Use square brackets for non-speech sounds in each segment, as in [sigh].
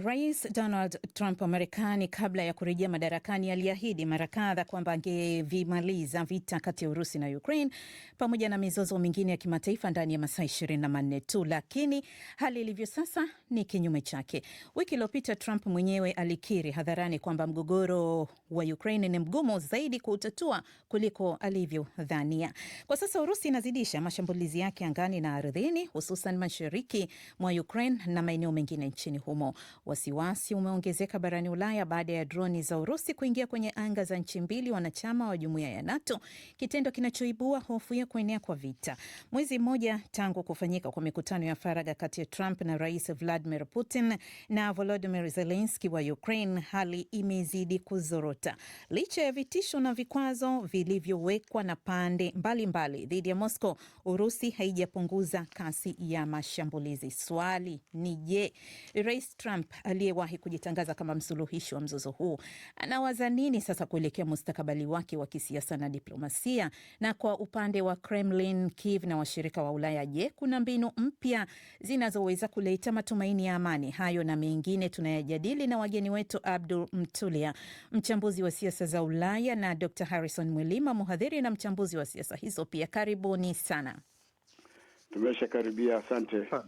Rais Donald Trump wa Marekani kabla ya kurejea madarakani aliahidi mara kadha kwamba angevimaliza vita kati ya Urusi na Ukraine pamoja na mizozo mingine ya kimataifa ndani ya masaa 24 tu, lakini hali ilivyo sasa ni kinyume chake. Wiki iliyopita Trump mwenyewe alikiri hadharani kwamba mgogoro wa Ukraine ni mgumu zaidi kuutatua kuliko alivyodhania. Kwa sasa Urusi inazidisha mashambulizi yake angani na ardhini, hususan mashariki mwa Ukraine na maeneo mengine nchini humo. Wasiwasi umeongezeka barani Ulaya baada ya droni za Urusi kuingia kwenye anga za nchi mbili wanachama wa jumuiya ya NATO, kitendo kinachoibua hofu ya kuenea kwa vita. Mwezi mmoja tangu kufanyika kwa mikutano ya faraga kati ya Trump na Rais Vladimir Putin na Volodimir zelenski wa Ukraine, hali imezidi kuzorota licha ya vitisho na vikwazo vilivyowekwa na pande mbalimbali dhidi ya Moscow. Urusi haijapunguza kasi ya mashambulizi. Swali ni je, Rais Trump aliyewahi kujitangaza kama msuluhishi wa mzozo huu anawaza nini sasa kuelekea mustakabali wake wa kisiasa na diplomasia? Na kwa upande wa Kremlin, Kiev na washirika wa Ulaya, je, kuna mbinu mpya zinazoweza kuleta matumaini ya amani? Hayo na mengine tunayajadili na wageni wetu Abdul Mtulia, mchambuzi wa siasa za Ulaya na Dr Harrison Mwilima, mhadhiri na mchambuzi wa siasa hizo pia. Karibuni sana. Tumeshakaribia, karibia, asante.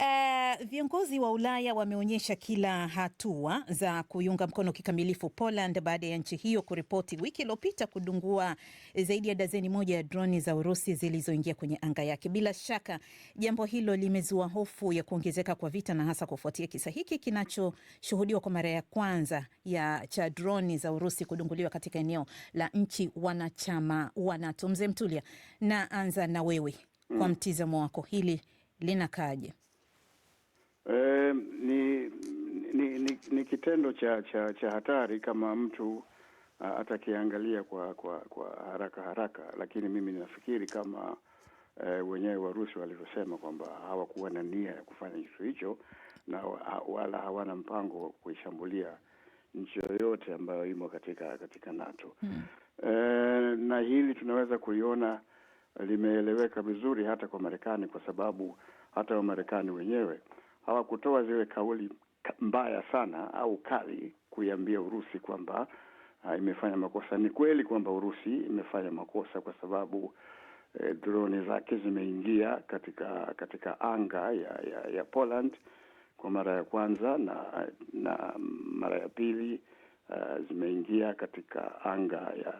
Uh, viongozi wa Ulaya wameonyesha kila hatua za kuiunga mkono kikamilifu Poland baada ya nchi hiyo kuripoti wiki iliyopita kudungua zaidi ya dazeni moja ya droni za Urusi zilizoingia kwenye anga yake. Bila shaka jambo hilo limezua hofu ya kuongezeka kwa vita na hasa kufuatia kisa hiki kinachoshuhudiwa kwa mara ya kwanza ya cha droni za Urusi kudunguliwa katika eneo la nchi wanachama wa NATO. Mzee Mtulia, naanza na wewe, kwa mm. mtizamo wako hili linakaaje? E, ni, ni, ni ni kitendo cha cha cha hatari kama mtu atakiangalia kwa kwa kwa haraka haraka, lakini mimi ninafikiri kama e, wenyewe Warusi walivyosema kwamba hawakuwa na nia ya kufanya kitu hicho na wala hawana mpango wa kuishambulia nchi yoyote ambayo imo katika katika NATO hmm. E, na hili tunaweza kuiona limeeleweka vizuri hata kwa Marekani kwa sababu hata Wamarekani wenyewe hawakutoa zile kauli mbaya sana au kali kuiambia Urusi kwamba uh, imefanya makosa. Ni kweli kwamba Urusi imefanya makosa kwa sababu eh, droni zake zimeingia katika katika anga ya, ya, ya Poland kwa mara ya kwanza na na mara ya pili uh, zimeingia katika anga ya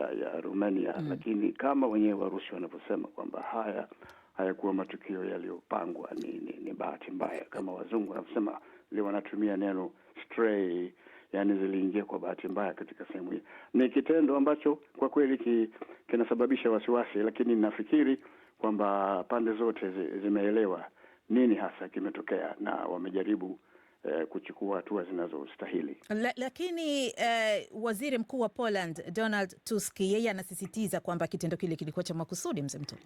ya, ya Romania mm. Lakini kama wenyewe Warusi wanavyosema kwamba haya hayakuwa matukio yaliyopangwa, ni, ni, ni bahati mbaya, kama wazungu wanavyosema, wanatumia neno stray, yani ziliingia kwa bahati mbaya katika sehemu hii. Ni kitendo ambacho kwa kweli ki, kinasababisha wasiwasi, lakini nafikiri kwamba pande zote zi, zimeelewa nini hasa kimetokea na wamejaribu eh, kuchukua hatua zinazostahili. La, lakini eh, waziri mkuu wa Poland Donald Tusk yeye anasisitiza kwamba kitendo kile kilikuwa cha makusudi, mzee mtuli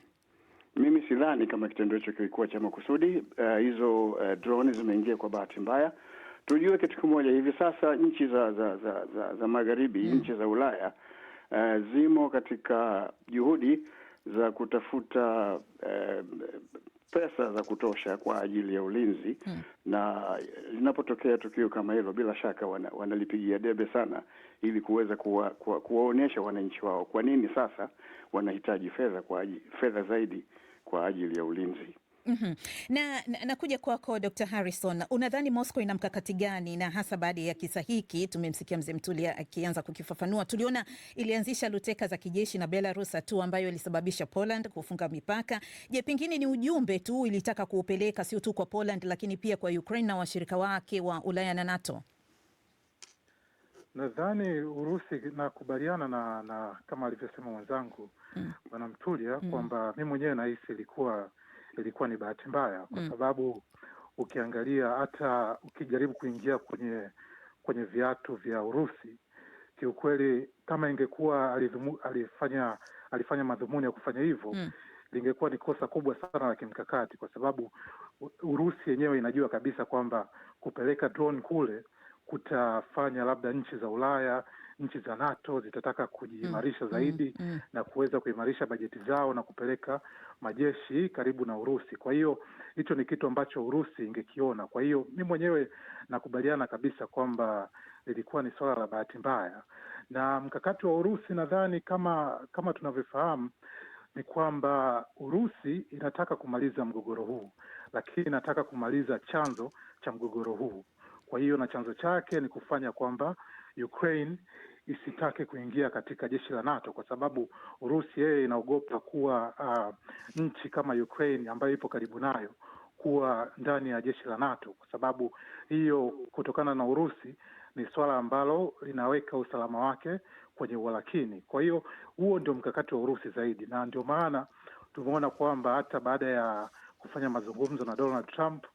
mimi sidhani kama kitendo hicho kilikuwa cha makusudi. Uh, hizo uh, drone zimeingia kwa bahati mbaya. Tujue kitu kimoja, hivi sasa nchi za za za, za, za magharibi mm. nchi za Ulaya uh, zimo katika juhudi za kutafuta uh, pesa za kutosha kwa ajili ya ulinzi hmm. na linapotokea tukio kama hilo, bila shaka wana, wanalipigia debe sana, ili kuweza kuwa, kuwa, kuwaonyesha wananchi wao kwa nini sasa wanahitaji fedha kwa ajili, fedha zaidi kwa ajili ya ulinzi. Mm -hmm. Na nakuja na kwako kwa Dr. Harrison, unadhani Moscow ina mkakati gani na hasa baada ya kisa hiki? Tumemsikia mzee Mtulia akianza kukifafanua. Tuliona ilianzisha luteka za kijeshi na Belarus tu ambayo ilisababisha Poland kufunga mipaka. Je, pengine ni ujumbe tu ilitaka kuupeleka sio tu kwa Poland lakini pia kwa Ukraine na washirika wake wa Ulaya na NATO? Nadhani Urusi nakubaliana na na kama alivyosema mwenzangu mm. bwana Mtulia mm. kwamba mi mwenyewe nahisi ilikuwa ilikuwa ni bahati mbaya kwa mm. sababu ukiangalia hata ukijaribu kuingia kwenye kwenye viatu vya Urusi kiukweli, kama ingekuwa alifanya alifanya madhumuni ya kufanya hivyo mm. lingekuwa ni kosa kubwa sana la kimkakati, kwa sababu Urusi yenyewe inajua kabisa kwamba kupeleka drone kule kutafanya labda nchi za Ulaya, nchi za NATO zitataka kujiimarisha mm, zaidi mm, mm, na kuweza kuimarisha bajeti zao na kupeleka majeshi karibu na Urusi. Kwa hiyo hicho ni kitu ambacho Urusi ingekiona. Kwa hiyo mi mwenyewe nakubaliana kabisa kwamba lilikuwa ni swala la bahati mbaya, na mkakati wa Urusi nadhani kama kama tunavyofahamu ni kwamba Urusi inataka kumaliza mgogoro huu, lakini inataka kumaliza chanzo cha mgogoro huu. Kwa hiyo na chanzo chake ni kufanya kwamba Ukraine isitake kuingia katika jeshi la NATO kwa sababu Urusi yeye inaogopa kuwa uh, nchi kama Ukraine ambayo ipo karibu nayo kuwa ndani ya jeshi la NATO kwa sababu hiyo, kutokana na Urusi ni swala ambalo linaweka usalama wake kwenye uwalakini. Kwa hiyo huo ndio mkakati wa Urusi zaidi, na ndio maana tumeona kwamba hata baada ya kufanya mazungumzo na Donald Trump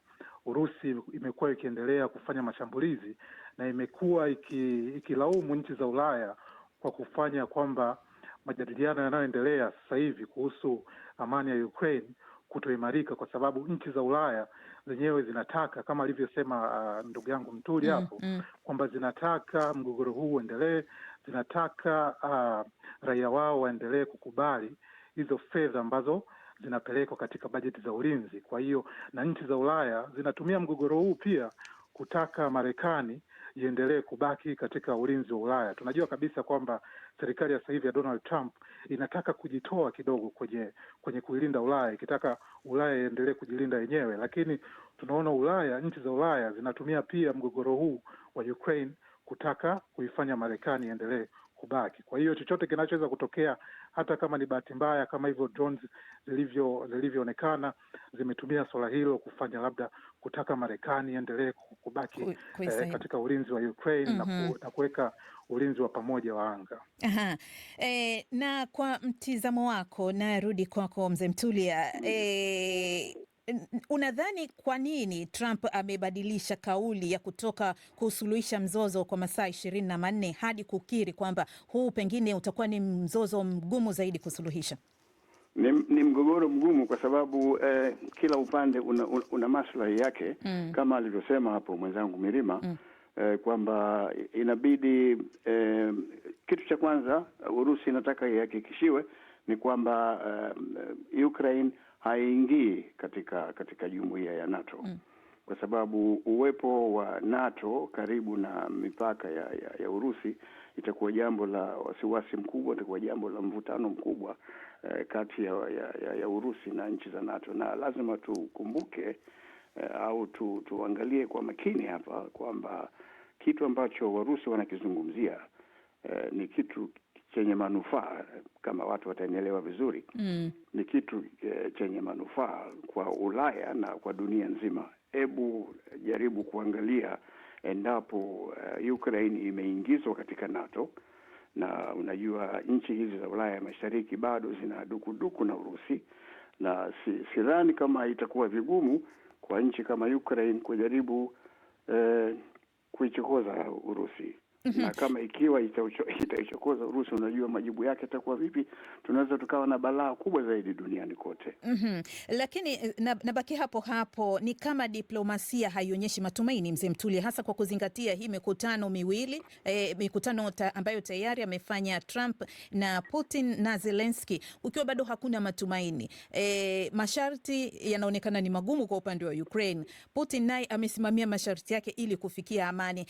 Urusi imekuwa ikiendelea kufanya mashambulizi na imekuwa ikilaumu iki nchi za Ulaya kwa kufanya kwamba majadiliano yanayoendelea sasa hivi kuhusu amani ya Ukraine kutoimarika kwa sababu nchi za Ulaya zenyewe zinataka kama alivyosema uh, ndugu yangu Mturi mm, hapo mm, mm, kwamba zinataka mgogoro huu uendelee, zinataka uh, raia wao waendelee kukubali hizo fedha ambazo zinapelekwa katika bajeti za ulinzi. Kwa hiyo na nchi za Ulaya zinatumia mgogoro huu pia kutaka Marekani iendelee kubaki katika ulinzi wa Ulaya. Tunajua kabisa kwamba serikali ya sasa hivi ya Donald Trump inataka kujitoa kidogo kwenye kwenye kuilinda Ulaya, ikitaka Ulaya iendelee kujilinda yenyewe, lakini tunaona Ulaya, nchi za Ulaya zinatumia pia mgogoro huu wa Ukraine kutaka kuifanya Marekani iendelee kubaki. Kwa hiyo chochote kinachoweza kutokea, hata kama ni bahati mbaya kama hivyo drones zilivyo zilivyoonekana zimetumia swala hilo kufanya labda kutaka Marekani endelee kubaki eh, katika ulinzi wa Ukraine mm -hmm. na kuweka ulinzi wa pamoja wa anga. Aha. E, na kwa mtizamo wako, narudi kwako mzee Mtulia e, Unadhani kwa nini Trump amebadilisha kauli ya kutoka kusuluhisha mzozo kwa masaa ishirini na manne hadi kukiri kwamba huu pengine utakuwa ni mzozo mgumu zaidi kusuluhisha? Ni, ni mgogoro mgumu kwa sababu eh, kila upande una, una maslahi yake mm. Kama alivyosema hapo mwenzangu Mirima mm. eh, kwamba inabidi eh, kitu cha kwanza Urusi inataka ihakikishiwe ni kwamba eh, Ukraine haiingii katika katika jumuiya ya NATO mm. kwa sababu uwepo wa NATO karibu na mipaka ya, ya, ya Urusi itakuwa jambo la wasiwasi mkubwa, itakuwa jambo la mvutano mkubwa eh, kati ya, ya, ya Urusi na nchi za NATO, na lazima tukumbuke eh, au tu, tuangalie kwa makini hapa kwamba kitu ambacho Warusi wanakizungumzia eh, ni kitu chenye manufaa kama watu wataenelewa vizuri mm. Ni kitu e, chenye manufaa kwa Ulaya na kwa dunia nzima. Hebu jaribu kuangalia endapo uh, Ukraine imeingizwa katika NATO na unajua nchi hizi za Ulaya ya Mashariki bado zina dukuduku na Urusi, na si, sidhani kama itakuwa vigumu kwa nchi kama Ukraine kujaribu uh, kuichokoza Urusi. Na mhm. kama ikiwa [laughs] itaichokoza Urusi, unajua majibu yake atakuwa vipi? Tunaweza tukawa na balaa kubwa zaidi duniani kote. mm -hmm. Lakini eh, nabaki hapo hapo, ni kama diplomasia haionyeshi matumaini, Mzee Mtuli, hasa kwa kuzingatia hii mikutano miwili e, mikutano ta, ambayo tayari amefanya Trump na Putin na zelenski ukiwa bado hakuna matumaini e, masharti yanaonekana ni magumu kwa upande wa Ukraine. Putin naye amesimamia masharti yake ili kufikia amani.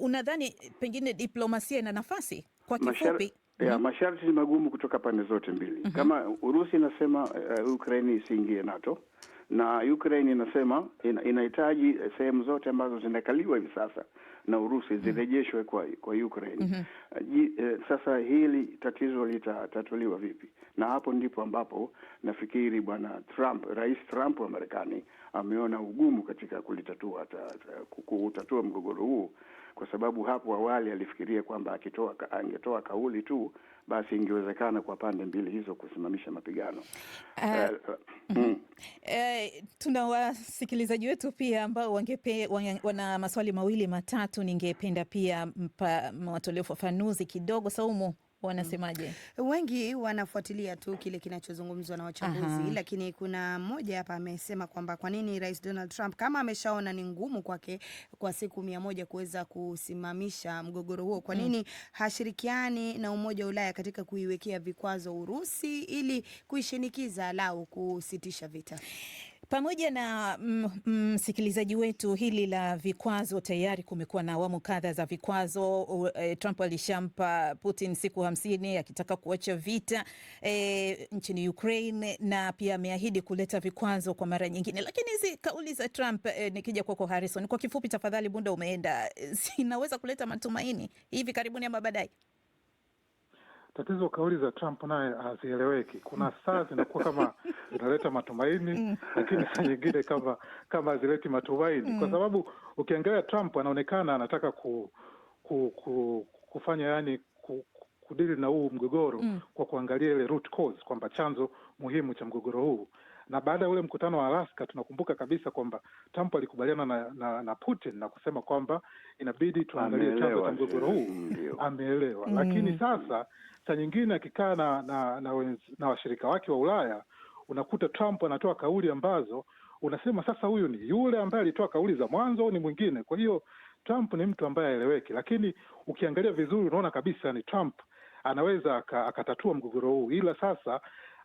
Unadhani pengine diplomasia ina nafasi kwa kifupi? Ya, mhm. masharti ni magumu kutoka pande zote mbili. mm -hmm. Kama Urusi inasema uh, Ukraine isiingie NATO na Ukraine inasema ina, inahitaji eh, sehemu zote ambazo zinakaliwa hivi sasa na Urusi mhm. zirejeshwe kwa kwa Ukraine. mm -hmm. Uh, sasa hili tatizo litatatuliwa vipi? Na hapo ndipo ambapo nafikiri bwana Trump, Rais Trump wa Marekani ameona ugumu katika kulitatua kutatua mgogoro huu kwa sababu hapo awali alifikiria kwamba akitoa angetoa kauli tu basi ingewezekana kwa pande mbili hizo kusimamisha mapigano. Uh, uh, mm. Uh, tuna wasikilizaji wetu pia ambao wangepe, wana maswali mawili matatu, ningependa pia watolee ufafanuzi kidogo Saumu. Mm. wanasemaje? Wengi wanafuatilia tu kile kinachozungumzwa na wachambuzi Lakini kuna mmoja hapa amesema kwamba kwa nini Rais Donald Trump kama ameshaona ni ngumu kwake kwa siku mia moja kuweza kusimamisha mgogoro huo, kwa mm. nini mm. hashirikiani na Umoja wa Ulaya katika kuiwekea vikwazo Urusi ili kuishinikiza lau kusitisha vita? Pamoja na mm, mm, msikilizaji wetu, hili la vikwazo tayari kumekuwa na awamu kadha za vikwazo. E, Trump alishampa Putin siku hamsini akitaka kuacha vita e, nchini Ukraine na pia ameahidi kuleta vikwazo kwa mara nyingine, lakini hizi kauli za Trump e, nikija kwako Harrison, kwa kifupi tafadhali, bunda umeenda, zinaweza kuleta matumaini hivi karibuni ama baadaye? Tatizo kauli za Trump naye hazieleweki. Kuna saa zinakuwa kama [laughs] zinaleta matumaini, mm. lakini saa nyingine kama kama hazileti matumaini, kwa mm. sababu ukiangalia Trump anaonekana anataka ku, ku, ku, kufanya yani ku, kudili na huu mgogoro mm, kwa kuangalia ile root cause kwamba chanzo muhimu cha mgogoro huu na baada ya ule mkutano wa Alaska tunakumbuka kabisa kwamba Trump alikubaliana na, na, na Putin na kusema kwamba inabidi tuangalie chanzo cha mgogoro huu. Ameelewa, mm. lakini sasa saa nyingine akikaa na, na, na, na washirika wake wa Ulaya unakuta Trump anatoa kauli ambazo unasema sasa, huyu ni yule ambaye alitoa kauli za mwanzo au ni mwingine? Kwa hiyo Trump ni mtu ambaye aeleweki, lakini ukiangalia vizuri unaona kabisa ni Trump anaweza akatatua mgogoro huu, ila sasa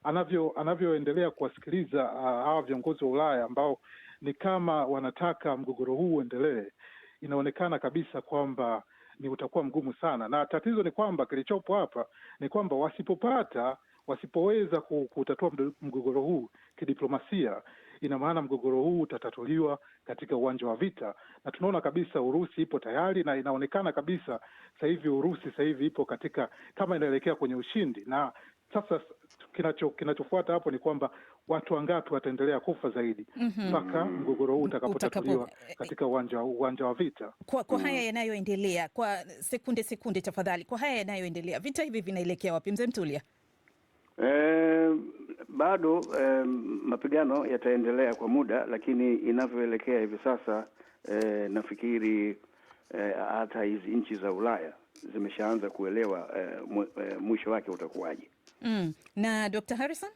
anavyo anavyoendelea kuwasikiliza ah, hawa uh, viongozi wa Ulaya ambao ni kama wanataka mgogoro huu uendelee, inaonekana kabisa kwamba ni utakuwa mgumu sana, na tatizo ni kwamba kilichopo hapa ni kwamba wasipopata wasipoweza kutatua mgogoro huu kidiplomasia, ina maana mgogoro huu utatatuliwa katika uwanja wa vita, na tunaona kabisa Urusi ipo tayari na inaonekana kabisa sasa hivi Urusi sasa hivi ipo katika kama inaelekea kwenye ushindi, na sasa kinacho kinachofuata hapo ni kwamba watu wangapi wataendelea kufa zaidi mhm. mpaka mm -hmm. mgogoro huu utakapotatuliwa utakapo, e, e, katika uwanja uwanja wa vita kwa, kwa mm. haya yanayoendelea kwa sekunde sekunde tafadhali, kwa haya yanayoendelea vita hivi vinaelekea wapi, mzee Mtulia? Eh, bado eh, mapigano yataendelea kwa muda, lakini inavyoelekea hivi sasa eh, nafikiri eh, hata eh, hizi nchi za Ulaya zimeshaanza kuelewa eh, eh mwisho wake utakuwaje. Mm. Na Dr. Harrison?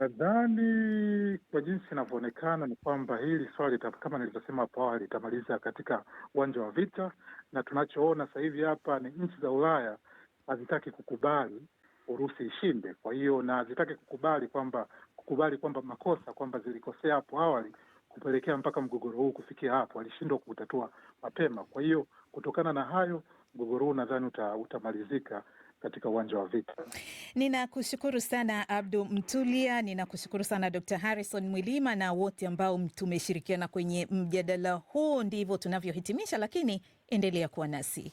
Nadhani kwa jinsi inavyoonekana ni kwamba hili swali kama nilivyosema hapo awali litamaliza katika uwanja wa vita, na tunachoona sasa hivi hapa ni nchi za Ulaya hazitaki kukubali Urusi ishinde. Kwa hiyo na hazitaki kukubali kwamba kukubali kwamba makosa kwamba zilikosea hapo awali kupelekea mpaka mgogoro huu kufikia hapo, alishindwa kuutatua mapema. Kwa hiyo kutokana na hayo mgogoro huu nadhani utamalizika katika uwanja wa vita. Ninakushukuru sana Abdu Mtulia, ninakushukuru sana Dr Harrison Mwilima na wote ambao tumeshirikiana kwenye mjadala huu. Ndivyo tunavyohitimisha, lakini endelea kuwa nasi.